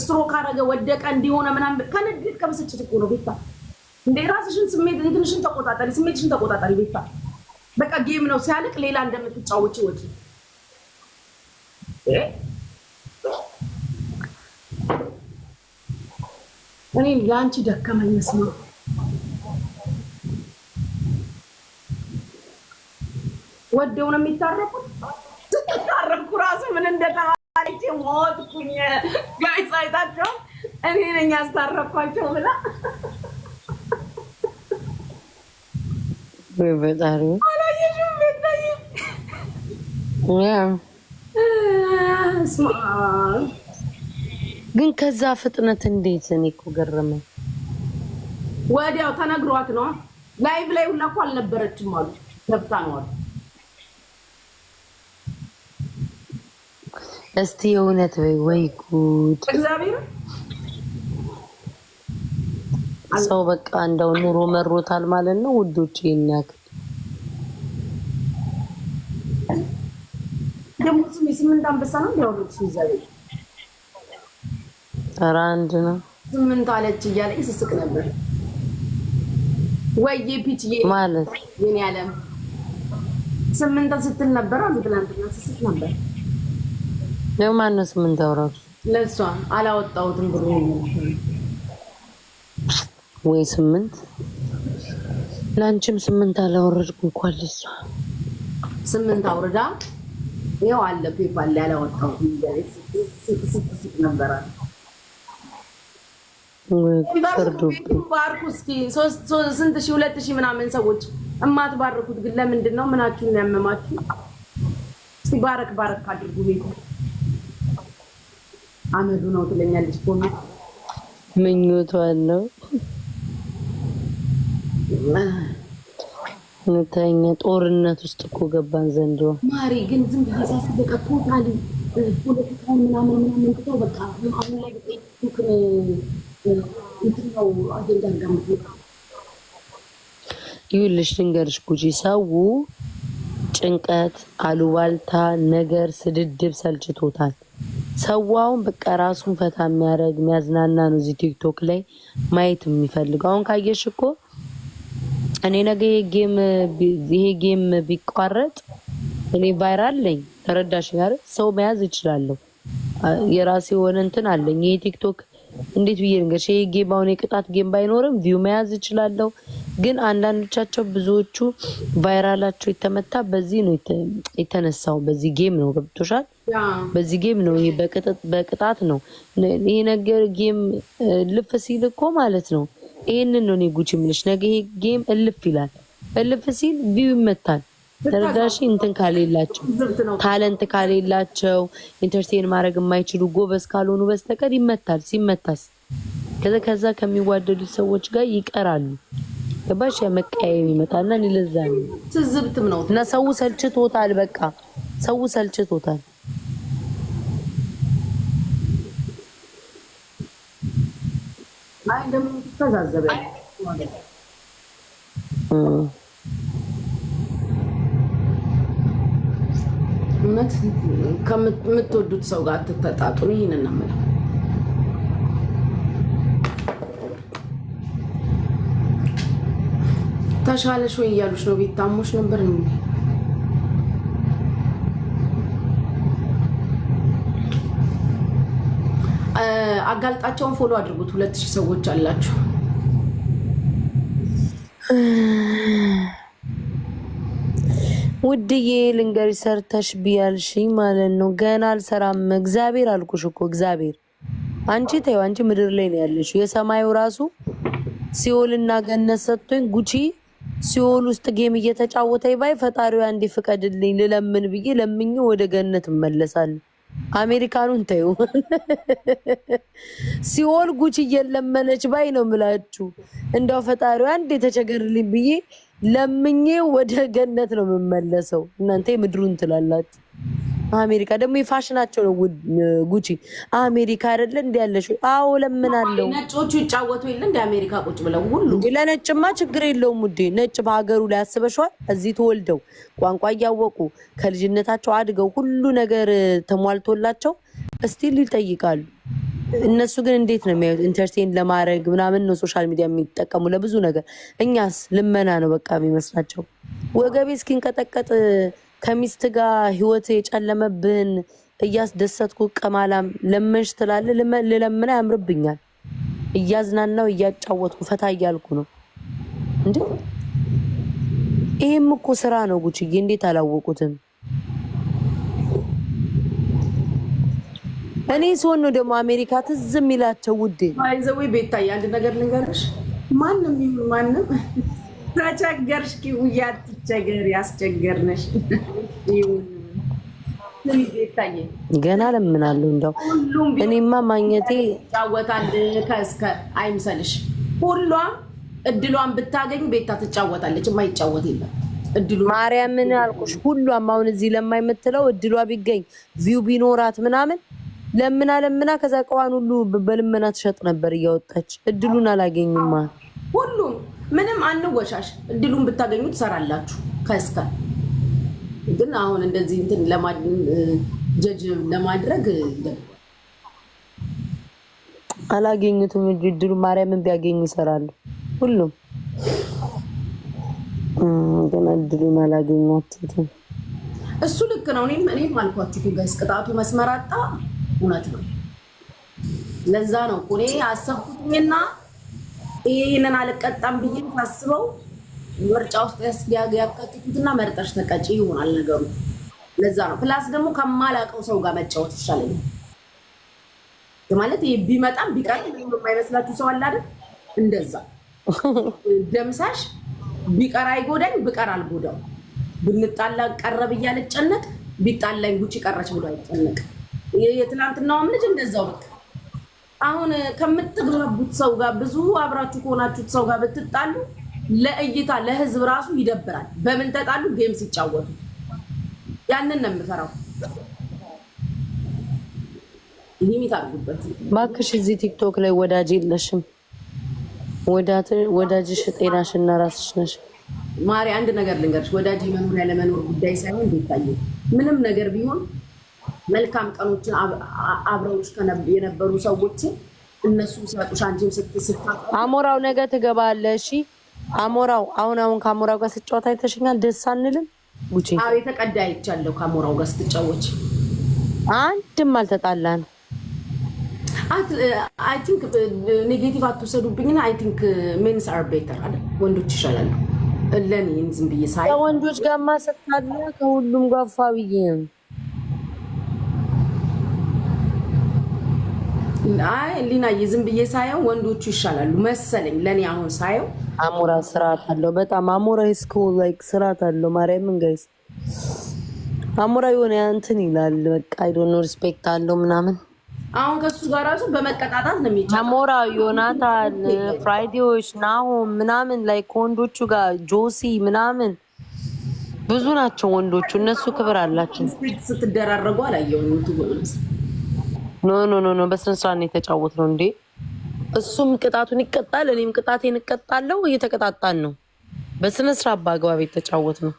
ስትሮክ አረገ ወደቀ እንዲሆነ ምናም ከንዴት ከብስጭት እኮ ነው። ቤታ እንደ ራስሽን ስሜት እንትንሽን ተቆጣጠሪ፣ ስሜትሽን ተቆጣጠሪ። ቤታ በቃ ጌም ነው ሲያልቅ ሌላ እንደምትጫወች ወ እኔ ለአንቺ ደከመኝ መስማ ወደው ነው የሚታረቁት። ስትታረቁ ራሱ ምን እንደታ ሞትኩኝ ጋይስ አይታቸው እኔ ነኝ ያስታረኳቸው ብላ በጣሪ አላየሽም? ግን ከዛ ፍጥነት እንዴት? እኔ እኮ ገረመኝ። ወዲያው ተነግሯት ነው። ላይቭ ላይ ሁላ እኮ አልነበረችም አሉ ገብታ ነው አሉ እስቲ እውነት ወይ ወይ ጉድ! እግዚአብሔር ሰው በቃ እንደው ኑሮ መሮታል ማለት ነው ውዶች። ይናክ ደግሞ ስም ስምንት አንበሳ ነው ያሉት እግዚአብሔር አንድ ነው ስምንት አለች እያለ ነበር ወይ ማለት ያለም ስምንት ስትል ነበር አሉ ስስቅ ነበር። ለማን ነው ስምንት አውራው? ለእሷ አላወጣሁትም ብሩ ወይ ስምንት ለአንቺም ስምንት አላወረድኩ እንኳን ለእሷ ስምንት አውርዳ ይኸው አለ ፔፓል ላይ አላወጣሁትም ስትስቅ ነበረ። ባርኩ እስኪ ስንት ሺህ ሁለት ሺህ ምናምን ሰዎች እማትባርኩት ግን ለምንድን ነው? ምናችሁን ያመማችሁ? እስኪ ባረክ ባረክ አድርጉ ቤት? አመዱ ነው ትለኛለች። ቆሚ ምኞቷ ነው ምታኛ ጦርነት ውስጥ እኮ ገባን ዘንድሮ። ማሪ ግን ዝም ብዬ ቶታሊ ፖለቲካውን ምናምን ምናምን ትተው በቃ አሁን ላይ ፌስቡክን እንትን ነው አጀንዳ ይኸውልሽ ልንገርሽ ጉጂ ሰው ጭንቀት፣ አሉባልታ ነገር፣ ስድድብ ሰልችቶታል። ሰዋውን በቃ ራሱን ፈታ የሚያደርግ የሚያዝናና ነው እዚህ ቲክቶክ ላይ ማየት የሚፈልገው። አሁን ካየሽ እኮ እኔ ነገ ይሄ ጌም ቢቋረጥ እኔ ቫይራል ለኝ ተረዳሽ? ጋር ሰው መያዝ እችላለሁ። የራሴ የሆነ እንትን አለኝ። ይሄ ቲክቶክ እንዴት ብዬ ንገርሽ? ይሄ ጌም አሁን የቅጣት ጌም ባይኖርም ቪው መያዝ እችላለሁ። ግን አንዳንዶቻቸው ብዙዎቹ ቫይራላቸው የተመታ በዚህ ነው የተነሳው፣ በዚህ ጌም ነው። ገብቶሻል? በዚህ ጌም ነው ይሄ በቅጣት ነው ይሄ ነገር ጌም እልፍ ሲል እኮ ማለት ነው። ይሄንን ነው እኔ ጉቺ የምልሽ ነገ ይሄ ጌም እልፍ ይላል። እልፍ ሲል ቪው ይመታል። ተረዳሽ? እንትን ካሌላቸው ታለንት ካሌላቸው ኢንተርቴን ማድረግ የማይችሉ ጎበዝ ካልሆኑ በስተቀር ይመታል። ሲመታስ ከዛ ከዛ ከሚዋደዱት ሰዎች ጋር ይቀራሉ። ገባሽ? መቀያየም ይመጣልና ለዛ ነው ትዝብትም ነው እና ሰው ሰልችቶታል። በቃ ሰው ሰልችቶታል። እንደምንተዛዘበ እውነት ከምትወዱት ሰው ጋር አትተጣጡ። ይህንን ነው ተሻለሽ ወይ እያሉሽ ነው። ቤት ታሞሽ ነበር። አጋልጣቸውን ፎሎ አድርጉት። ሁለት ሺህ ሰዎች አላችሁ። ውድዬ ልንገሪ ሰርተሽ ብያልሽኝ ማለት ነው። ገና አልሰራም። እግዚአብሔር አልኩሽ እኮ እግዚአብሔር። አንቺ ተይው፣ አንቺ ምድር ላይ ነው ያለሽው። የሰማዩ ራሱ ሲኦልና ገነት ሰጥቶኝ ጉቺ ሲኦል ውስጥ ጌም እየተጫወተኝ ባይ ፈጣሪው አንዴ ፍቀድልኝ ልለምን ብዬ ለምኝ ወደ ገነት እመለሳለሁ። አሜሪካኑን ተዩ። ሲኦል ጉቺ እየለመነች ባይ ነው ምላችሁ። እንዳው ፈጣሪው አንድ የተቸገርልኝ ብዬ ለምኜ ወደ ገነት ነው የምመለሰው። እናንተ ምድሩን ትላላችሁ። አሜሪካ ደግሞ የፋሽናቸው ነው። ጉቺ አሜሪካ አይደለ እንዲ ያለሽ? አዎ ለምናለው። ነጮቹ ይጫወቱ የለ እንደ አሜሪካ ቁጭ ብለው ሁሉ። ለነጭማ ችግር የለውም ውዴ። ነጭ በሀገሩ ላይ አስበሸዋል። እዚህ ተወልደው ቋንቋ እያወቁ ከልጅነታቸው አድገው ሁሉ ነገር ተሟልቶላቸው እስቲል ይጠይቃሉ። እነሱ ግን እንዴት ነው የሚያዩት? ኢንተርቴን ለማድረግ ምናምን ነው ሶሻል ሚዲያ የሚጠቀሙ ለብዙ ነገር። እኛስ ልመና ነው በቃ የሚመስላቸው። ወገቤ እስኪንቀጠቀጥ ከሚስት ጋር ህይወት የጨለመብህን እያስደሰትኩ ቀማላም ለመንሽ ትላለ። ልለምን ያምርብኛል። እያዝናናው እያጫወትኩ ፈታ እያልኩ ነው እንዴ። ይህም እኮ ስራ ነው ጉችዬ፣ እንዴት አላወቁትም? እኔ ሲሆን ነው ደግሞ አሜሪካ ትዝ የሚላቸው ውዴ። ይዘዌ ቤታዬ፣ አንድ ነገር ልንገርሽ፣ ማንም ይሁን ማንም ተቸገርሽ ኪውዬ አትቸገሪ፣ አስቸገርነሽ። ገና ለምናለሁ። እንደው እኔማ ማግኘቴ ጫወታል ከእስከ አይምሰልሽ። ሁሏም እድሏን ብታገኝ ቤታ ትጫወታለች። የማይጫወት የለም እድሉ። ማርያምን አልኩሽ። ሁሏም አሁን እዚህ ለማይምትለው እድሏ ቢገኝ ቪው ቢኖራት ምናምን ለምና ለምና ከዛ ቀዋን ሁሉ በልመና ትሸጥ ነበር እያወጣች እድሉን አላገኝማ ሁሉም ምንም አንወሻሽ። እድሉን ብታገኙ ትሰራላችሁ። ከስከ ግን አሁን እንደዚህ እንትን ጀጅ ለማድረግ አላገኙትም። እጅ እድሉ ማርያምን ቢያገኙ ይሰራሉ። ሁሉም ግን እድሉን አላገኛችሁትም። እሱ ልክ ነው። እኔም እኔም አልኳችሁ ጋይስ፣ ቅጣቱ መስመር አጣ። እውነት ነው። ለዛ ነው እኔ አሰብኩትኝና ይህንን አልቀጣም ብዬ ታስበው ምርጫ ውስጥ ያስያገ ያካትቱትና መርጠሽ ተቀጭ ይሆናል ነገሩ። ለዛ ነው ፕላስ ደግሞ ከማላውቀው ሰው ጋር መጫወት ይሻለኛል። ማለት ይሄ ቢመጣም ቢቀር የማይመስላችሁ ሰው አለ አይደል? እንደዛ ደምሳሽ ቢቀር አይጎዳኝ፣ ብቀር አልጎዳው፣ ብንጣላ ቀረብ እያልጨነቅ ቢጣላኝ ጉቺ ቀረች ብሎ አይጨነቅ። የትናንትናውም ልጅ እንደዛው በቃ አሁን ከምትግባቡት ሰው ጋር ብዙ አብራችሁ ከሆናችሁት ሰው ጋር ብትጣሉ ለእይታ ለህዝብ ራሱ ይደብራል። በምን ተጣሉ? ጌም ሲጫወቱ። ያንን ነው የምፈራው። ሊሚት አድርጉበት እባክሽ። እዚህ ቲክቶክ ላይ ወዳጅ የለሽም። ወዳጅሽ ጤናሽን እና ራስሽ ነሽ። ማሪ፣ አንድ ነገር ልንገርሽ፣ ወዳጅ መኖር ያለመኖር ጉዳይ ሳይሆን ቤታየ ምንም ነገር ቢሆን መልካም ቀኖችን አብረውች የነበሩ ሰዎችን እነሱ ሲያጡሽ አንቺም ስትስታ አሞራው ነገ ትገባለሽ። እሺ አሞራው አሁን አሁን ከአሞራው ጋር ስጫወት አይተሽኛል። ደስ አንልም። ጉቺ የተቀዳ አይቻለሁ። ከአሞራው ጋር ስትጫወች አንድም አልተጣላን። አይ ቲንክ ኔጌቲቭ አትወሰዱብኝና፣ አይ ቲንክ ሜንስ አር ቤተር አለ ወንዶች ይሻላሉ። ለኔ ዝም ብዬ ሳይ ከወንዶች ጋማ ስታላ ከሁሉም ጋር ፋ ብዬ ነው አይ ሊናዬ፣ ዝም ብዬ ሳየው ወንዶቹ ይሻላሉ መሰለኝ ለእኔ አሁን ሳየው። አሞራ ስርዓት አለው በጣም አሞራ ስኩል ላይክ ስርዓት አለው። ማርያምን ጋይስ አሞራ የሆነ እንትን ይላል በቃ አይ ዶንት ሪስፔክት አለው ምናምን አሁን ከሱ ጋር ራሱ በመቀጣጣት ነው የሚጫ አሞራ ዮናታን፣ ፍራይዴዎች ናሁ ምናምን ላይ ከወንዶቹ ጋር ጆሲ ምናምን ብዙ ናቸው ወንዶቹ። እነሱ ክብር አላቸው። ስትደራረጉ አላየሁም። ኖ ኖ ኖ ኖ በስነ ስርዓት ነው የተጫወትነው። እንዴ እሱም ቅጣቱን ይቀጣል፣ እኔም ቅጣቴን እቀጣለሁ። እየተቀጣጣን ነው። በስነ ስርዓት በአግባብ ነው።